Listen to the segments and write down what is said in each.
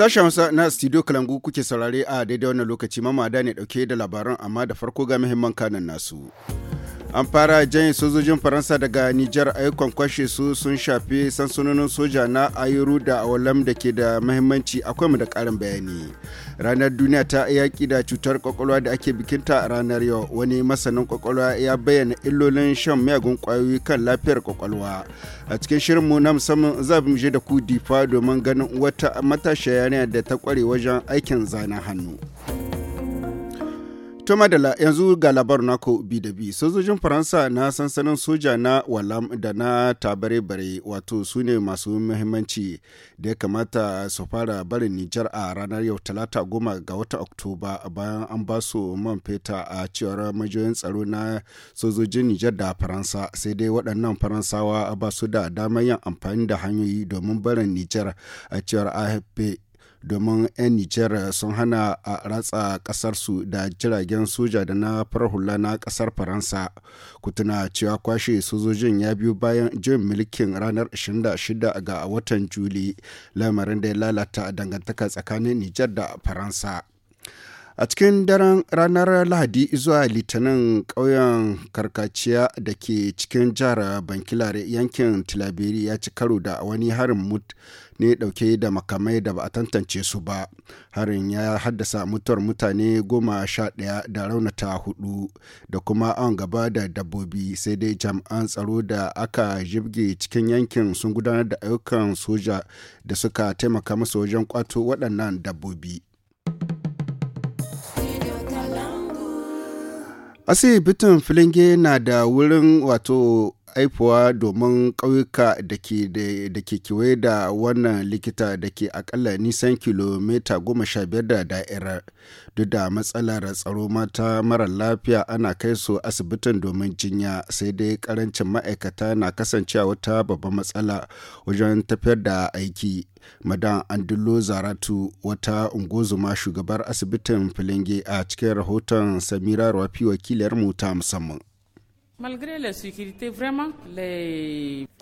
Sashen wasa na Studio Kalangu kuke saurare a daidai wannan lokaci mamada ne dauke da labaran amma da farko ga muhimman kanan nasu. an fara janye sojojin faransa daga nijar ayyukan kwashe su sun shafi sansanonin soja na ayuru da awalam da ke da mahimmanci akwai mu da karin bayani ranar duniya ta yaƙi da cutar kwakwalwa da ake bikinta a ranar yau wani masanin kwakwalwa ya bayyana illolin shan miyagun kwayoyi kan lafiyar kwakwalwa a cikin shirinmu na musamman za mu je da ku difa domin ganin wata matashiya da ta kware wajen aikin zanen hannu. To madala yanzu ga labar ko bi da bi sojojin Faransa na sansanin soja na Walam da na tabare-bare wato sune masu muhimmanci da ya kamata su fara barin Nijar a ranar yau talata goma ga wata Oktoba bayan an ba su man feta a cewar majiyoyin tsaro na sojojin Nijar da Faransa sai dai waɗannan Faransawa ba su da damar yin amfani da hanyoyi domin barin Nijar a cewar AFP domin 'yan nijar sun hana a ratsa kasarsu da jiragen soja da na farhula na kasar faransa kutuna cewa kwashe sojojin ya biyu bayan jin mulkin ranar 26 ga watan juli lamarin da ya lalata dangantaka tsakanin nijar da faransa a cikin daren ranar lahadi zuwa litinin ƙauyen karkaciya da ke cikin jihar bankilare yankin tilabiri ya ci karo da wani harin mut ne ɗauke da makamai da ba a tantance su ba harin ya haddasa mutuwar mutane goma sha ɗaya da raunata hudu da kuma an gaba da dabbobi sai dai jami'an tsaro da aka jibge cikin yankin sun gudanar da ayyukan soja da suka taimaka musu wajen kwato waɗannan dabbobi asibitin filinge na da wurin wato aifuwa domin ƙauyuka da ke kewaye da wannan likita da ke akalla nisan kilomita goma sha biyar da da'irar duk da matsalar tsaro mata mara lafiya ana kai su asibitin domin jinya sai dai karancin ma'aikata na kasancewa wata babban matsala wajen tafiyar da aiki madan andullo zaratu wata ungozuma shugabar asibitin filinge a cikin rahoton samira rafi wakiliyar mu ta musamman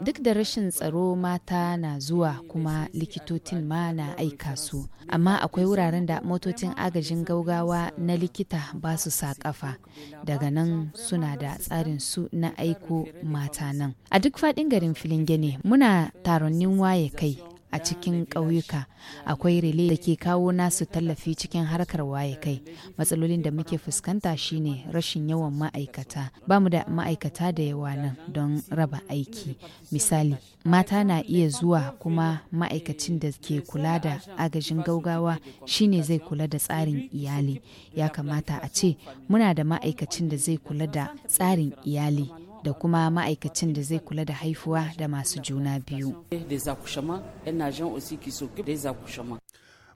Duk da rashin tsaro mata na zuwa kuma likitotin ma na aika su, amma akwai wuraren da motocin agajin gaugawa na likita ba su sa kafa daga nan suna da tsarin su na aiko mata nan. A duk faɗin garin filin gene muna taronnin waye kai a cikin ƙauyuka akwai rele da ke kawo nasu tallafi cikin harkar waye kai matsalolin da muke fuskanta shine rashin yawan ma'aikata ba mu da ma'aikata da yawa nan don raba aiki misali mata na iya zuwa kuma ma'aikacin da ke kula da agajin gaugawa shine zai kula da tsarin iyali ya kamata a ce muna da ma'aikacin da zai kula da tsarin iyali da kuma ma'aikacin da zai kula da haifuwa da masu juna biyu.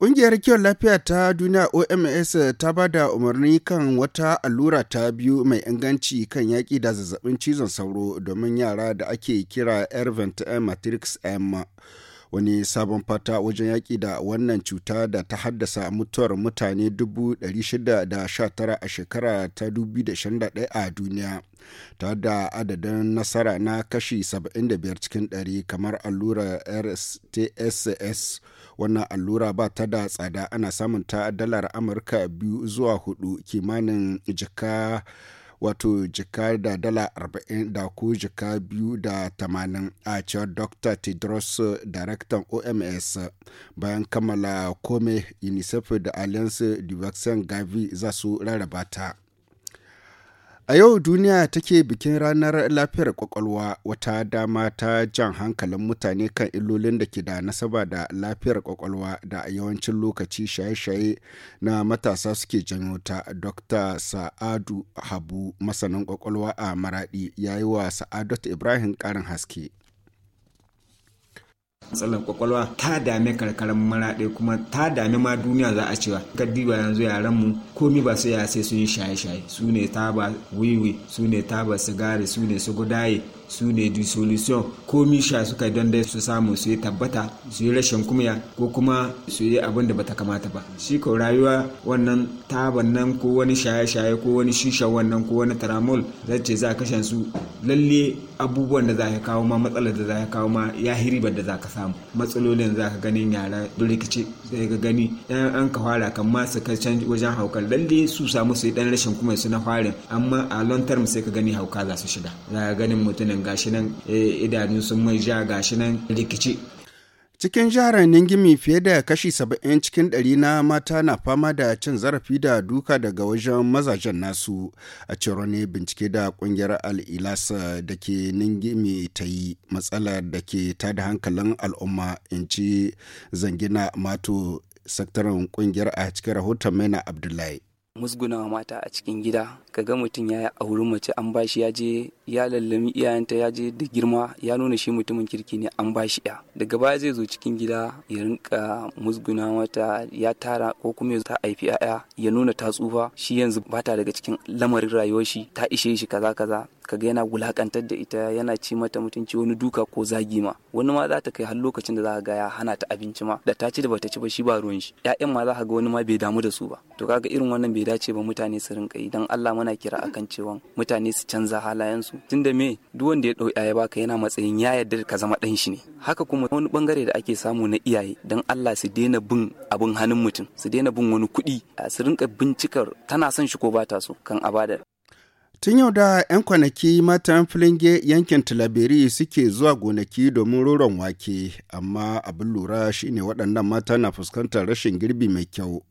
Ƙungiyar kiwon lafiya ta duniya OMS ta ba da umarni kan wata allura ta biyu mai inganci kan yaƙi da zazzabin cizon sauro domin yara da ake kira Ervent Matrix M. wani sabon fata wajen yaƙi da wannan cuta da ta haddasa mutuwar mutane 619 a shekara ta 2021 a duniya ta da adadin nasara na kashi 75 cikin 100 kamar allura rtss wannan allura ba ta da tsada ana samun ta dalar amurka biyu zuwa hudu kimanin jika wato jika da dala 40 da ko jika biyu da tamanin a cewar dr tedros daraktan oms bayan kammala kome unicef da alliance du vaccin gavi za su rarraba ta. A yau duniya take bikin ranar lafiyar kwakwalwa wata dama ta jan hankalin mutane kan illolin da ke da nasaba da lafiyar kwakwalwa da a yawancin lokaci shaye-shaye na matasa suke janyo ta. Dr. Sa'adu Habu masanin kwakwalwa a Maradi ya yi wa Sa'adatu Ibrahim ƙarin haske. matsalar kwakwalwa ta dame karkarar maraɗe kuma ta dame ma duniya za a cewa diba yanzu yaran mu komi ba su ya sai sun yi shaye-shaye su ne taba wiwi su ne taba sigari su ne su gudaye su ne di solution misha suka don dai su samu su yi tabbata su yi rashin kumya ko kuma su yi abin da bata kamata ba shi ko rayuwa wannan taban nan ko wani shaye-shaye ko wani shisha wannan ko wani taramol zai ce za kashe su lalle abubuwan da za ka kawo ma matsalar da za ka kawo ma ya hiriba da za ka samu matsalolin za ka ganin yara don rikici sai ka gani ɗan an ka fara kan ma su can wajen haukar lalle su samu su yi ɗan rashin kuma su na farin amma a long term sai ka gani hauka za su shiga za ka ganin mutum nan gashi nan eh, idanun sun mai ja gashi nan rikici cikin jihar ningimi fiye da kashi saba'in cikin ɗari na mata na fama da cin zarafi da duka daga wajen mazajen nasu a cewar ne bincike da ƙungiyar al'ilas eh, da ke ningimi ta yi matsalar da ke tada hankalin al'umma in ci zangina mato sektaran ƙungiyar a cikin rahoton maina abdullahi musguna mata a cikin gida kaga mutum ya auri mace an bashi ya je ya lallami iyayenta ya je da girma ya nuna shi mutumin kirki ne an bashi ya daga baya zai zo cikin gida ya rinka musguna mata ya tara ko kuma ta haifi ya'ya ya nuna ta tsufa shi yanzu bata daga cikin lamarin rayuwar shi ta ishe shi kaza kaza kaga yana wulakantar da ita yana ci mata mutunci wani duka ko zagi ma wani ma za ta kai har lokacin da za ka ga ya hana ta abinci ma da ta ci da bata ci ba shi ba ruwan shi ƴaƴan ma za ka ga wani ma bai damu da su ba to kaga irin wannan bai dace ba mutane su rinka yi dan Allah muna kira akan cewa mutane su canza halayensu su tunda me duk wanda ya ɗauki ya baka yana matsayin ya yarda ka zama ɗan shi ne haka kuma wani bangare da ake samu na iyaye dan Allah su daina bin abin hannun mutum su daina bin wani kuɗi su rinka bincikar tana son shi ko ba ta so kan abadar Tun yau da 'yan kwanaki matan filinge yankin Tilaberi suke zuwa gonaki domin roron wake, amma abin lura shine waɗannan mata na fuskantar rashin girbi mai kyau.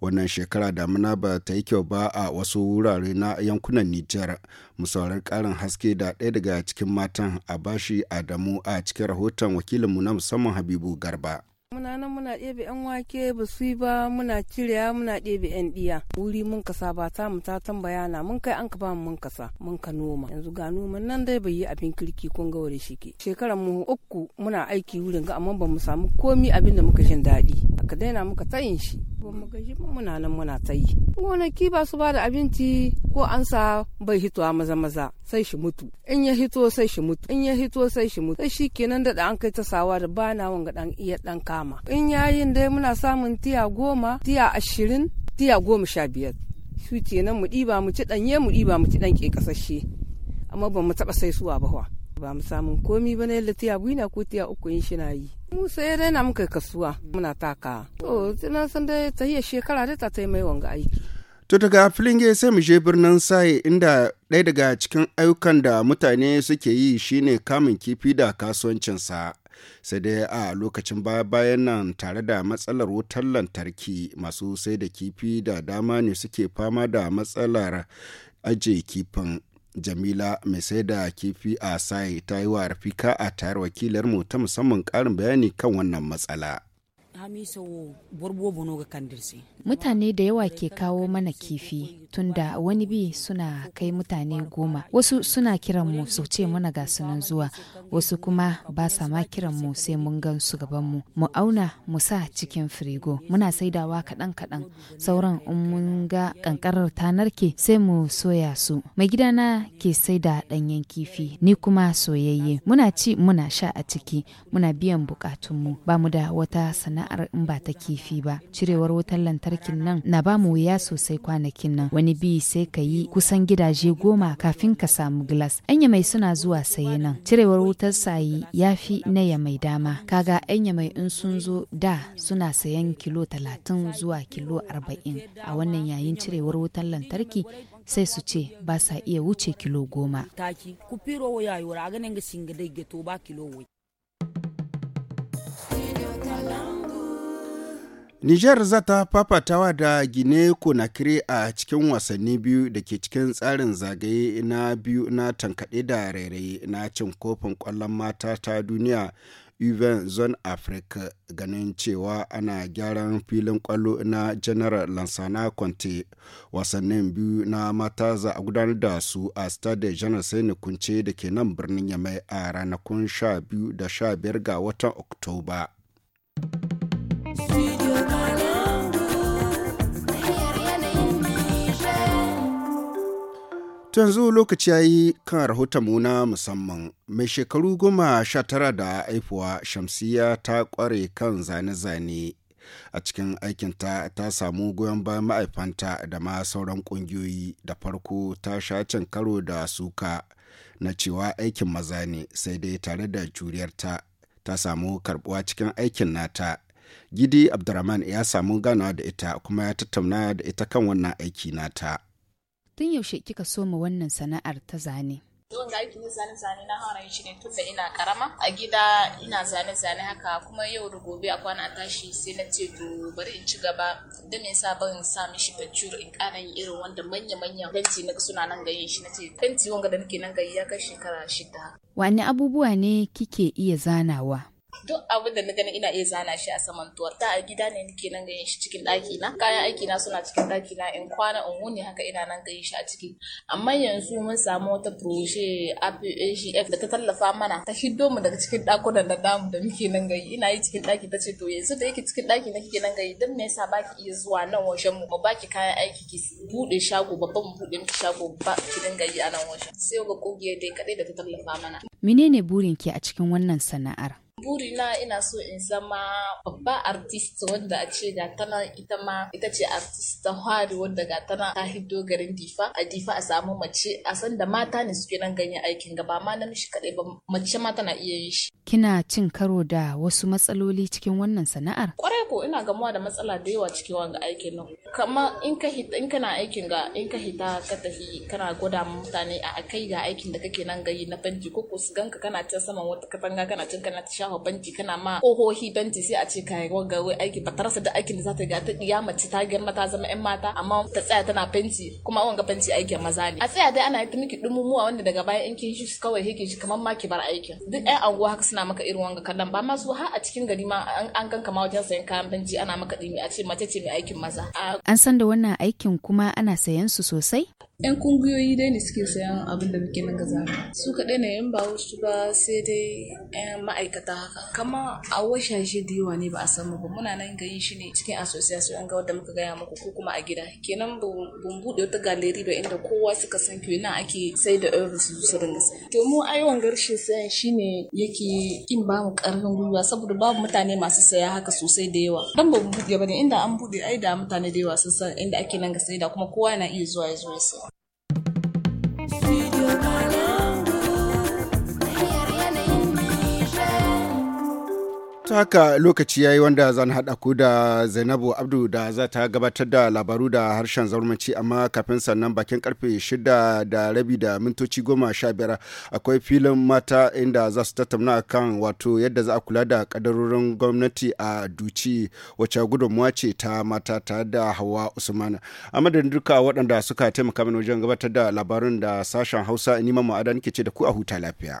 Wannan shekara damuna ba ta yi kyau ba a wasu wurare na yankunan Nijar. Musaurar ƙarin haske da ɗaya daga cikin matan a bashi Adamu a cikin rahoton wakilinmu na musamman Habibu Garba. muna nan muna ɗebe yan wake ba su yi ba muna cirewa muna ɗebe yan ɗiya wuri mun kasa ba ta mu ta tambaya na mun kai an ka ba mu mun kasa mun ka noma yanzu ga noman nan dai bai yi abin kirki kun ga wuri shike shekaran mu uku muna aiki wurin ga amma ba mu samu komi abin da muka jin daɗi aka daina muka tayin shi ba mu gaji muna nan muna ta yi gonaki ba su ba da abinci ko an sa bai a maza maza sai shi mutu in ya hito sai shi mutu in ya hito sai shi mutu sai shi kenan da an kai ta sawa da bana wanga dan iya dan kama in yayin dai muna samun tiya goma tiya ashirin tiya goma sha biyar su nan mu ɗiba mu ci ɗanye mu ɗiba mu ci ɗan ke ƙasashe amma ba mu taɓa sai suwa ba ba mu samun komi ba na yalla tiya biyu ko tiya uku in shi na yi musa ya daina muka kasuwa muna taka to tunan san dai ta iya shekara da ta ta wanga aiki to daga filinge sai mu je birnin sai inda ɗaya daga cikin ayyukan da mutane suke yi shine kamun kifi da kasuwancinsa sai dai a lokacin baya bayan nan tare da matsalar wutar lantarki masu sai da kifi da dama ne suke fama da matsalar aje kifin jamila mai sai da kifi a sai ta yi wa rafika a tayar wakilarmu ta musamman ƙarin bayani kan wannan matsala Mutane da yawa ke kawo mana kifi tunda wani bi suna kai mutane goma. Wasu suna kiran mu su ce mana ga sunan zuwa, wasu kuma ba sa ma kiran mu sai mun gan su gaban mu. Mu auna mu sa cikin firigo. Muna saidawa kaɗan kaɗan. Sauran in mun ga ƙanƙarar ta narke sai mu soya su. Mai gida na ke saida ɗanyen kifi, ni kuma soyayye. Muna ci muna sha a ciki, muna biyan bukatunmu. Ba mu da wata sana'a sana'ar in ba ta kifi ba cirewar wutar lantarkin nan na ba mu wuya sosai kwanakin nan wani bi sai ka yi kusan gidaje goma kafin ka samu gilas anya mai suna zuwa saye nan cirewar wutar sayi ya fi na ya mai dama kaga anya mai in sun zo da suna sayan kilo talatin zuwa kilo arba'in a wannan yayin cirewar wutar lantarki sai su ce ba sa iya wuce kilo goma. Taki, ku firo wa yayi wura ganin ga ga kilo wai. Nijar za ta fafatawa da Gine Conakry a cikin wasanni biyu da ke cikin tsarin zagaye na biyu na tankaɗe da rairayi na cin kofin kwallon mata ta duniya Uven Zone Africa ganin cewa ana gyaran filin kwallo na General Lansana Conte wasannin biyu na mata za a gudanar da su a Stade General Sani Kunce da ke nan birnin Yamai a ranakun 12 da 15 ga watan Oktoba. yanzu lokaci ya yi kan rahoton muna musamman mai shekaru goma sha tara da haifuwa shamsiya ta kware kan zane-zane a cikin aikinta ta samu goyon bayan ma'aifanta da ma sauran ƙungiyoyi da farko ta sha cin karo da suka na cewa aikin maza ne sai dai tare da juriyarta ta samu karbuwa cikin aikin nata Gidi Abdurrahman ya samu ganawa da ita kuma ya tattauna da ita kan wannan aiki nata. Tun yaushe kika soma wannan sana'ar ta zane? wanga aikin zane-zane na hana shi ne tun da ina karama a gida ina zane-zane haka kuma yau da gobe a kwana tashi sai na ce to bari in ci gaba da me yasa ban sa mishi picture in kana yin irin wanda manya-manya fenti na suna nan gayin shi na ce fenti wanga da nake nan gayi ya kai shekara shida wani abubuwa ne kike iya zanawa duk abin da na gani ina iya zana shi a saman tuwar da a gida ne nake nan ganin shi cikin ɗaki na kayan aiki na suna cikin ɗaki na in kwana in wuni haka ina nan ganin shi a ciki amma yanzu mun samu wata proje APHF eh, da ta tallafa mana ta hiddo mu daga cikin ɗakunan da damu da muke nan gayi ina yi cikin ɗaki ta ce to yanzu da yake cikin ɗaki na kike nan gayi don me yasa baki iya zuwa nan wajen mu ba baki kayan aiki ki buɗe shago babban mu buɗe miki shago ba ki dinga yi a nan wajen sai ga kungiyar dai kadai da ta tallafa mana menene burin ki a cikin wannan sana'ar Burina ina so in zama babba artist wanda a ce ga tana ita ma ita ce artist ta hwari wanda ga tana ta hiddo garin difa a difa a samu mace a san da mata ne suke nan ganye aikin gaba ma namiji kadai ba mace ma tana iya yin shi. Kina cin karo da wasu matsaloli cikin wannan sana'ar? Kwarai ko ina gamuwa da matsala da yawa cikin wanga aikin nan. kamar in ka hita in kana aikin ga in ka hita ka tafi kana gwada mutane a kai ga aikin da kake nan gayi na banji ko ko su ganka kana can saman wata katanga kana can kana ta shafa banji kana ma kohohi banji sai a ce kai ga wai aiki ba tarasa da aikin da za ta ga ta iya mace ta girma ta zama yan mata amma ta tsaya tana fenti kuma wanga banji aiki maza ne a tsaya dai ana yi ta miki dumumuwa wanda daga baya in kin shi kawai hikin shi kamar ma ki bar aikin duk ɗan anguwa haka suna maka irin wanga kallon ba ma su har a cikin gari ma an ganka ma wajen sayan kayan banji ana maka dimi a ce mace ce mai aikin maza a An san da wannan aikin kuma ana sayan su sosai? 'yan kungiyoyi dai ne suke sayan abin da muke nan gaza su kaɗai ne yan ba wasu ba sai dai yan ma'aikata haka kama a washashe da yawa ne ba a samu ba muna nan ga yin shi ne cikin association an ga wadda muka gaya muku ko kuma a gida kenan bun buɗe wata galeri ba inda kowa suka san ke nan ake sai da oeuvres su su dinga to mu ai wangar shi sayan shine yake kin ba mu ƙarfin gwiwa saboda babu mutane masu saya haka sosai da yawa dan ba mu buɗe ba ne inda an buɗe ai da mutane da yawa sun san inda ake nan ga sai da kuma kowa na iya zuwa ya zo ya my life. ta haka lokaci ya yi wanda zan haɗa ku da zainabu abdu da za ta gabatar da labaru da harshen zaurmanci amma kafin sannan bakin karfe shida da rabi da mintoci goma sha biyar akwai filin mata inda za su tattauna kan wato yadda za a kula da kadarorin gwamnati a duci wacce gudunmuwa ce ta mata ta da hawa usman a madadin duka waɗanda suka taimaka mana wajen gabatar da labarun da sashen hausa nima ma'ada nake ce da ku a huta lafiya.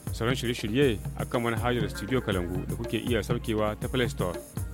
sauran shirye-shirye akan manhajar studio kalangu da kuke iya saukewa ta play store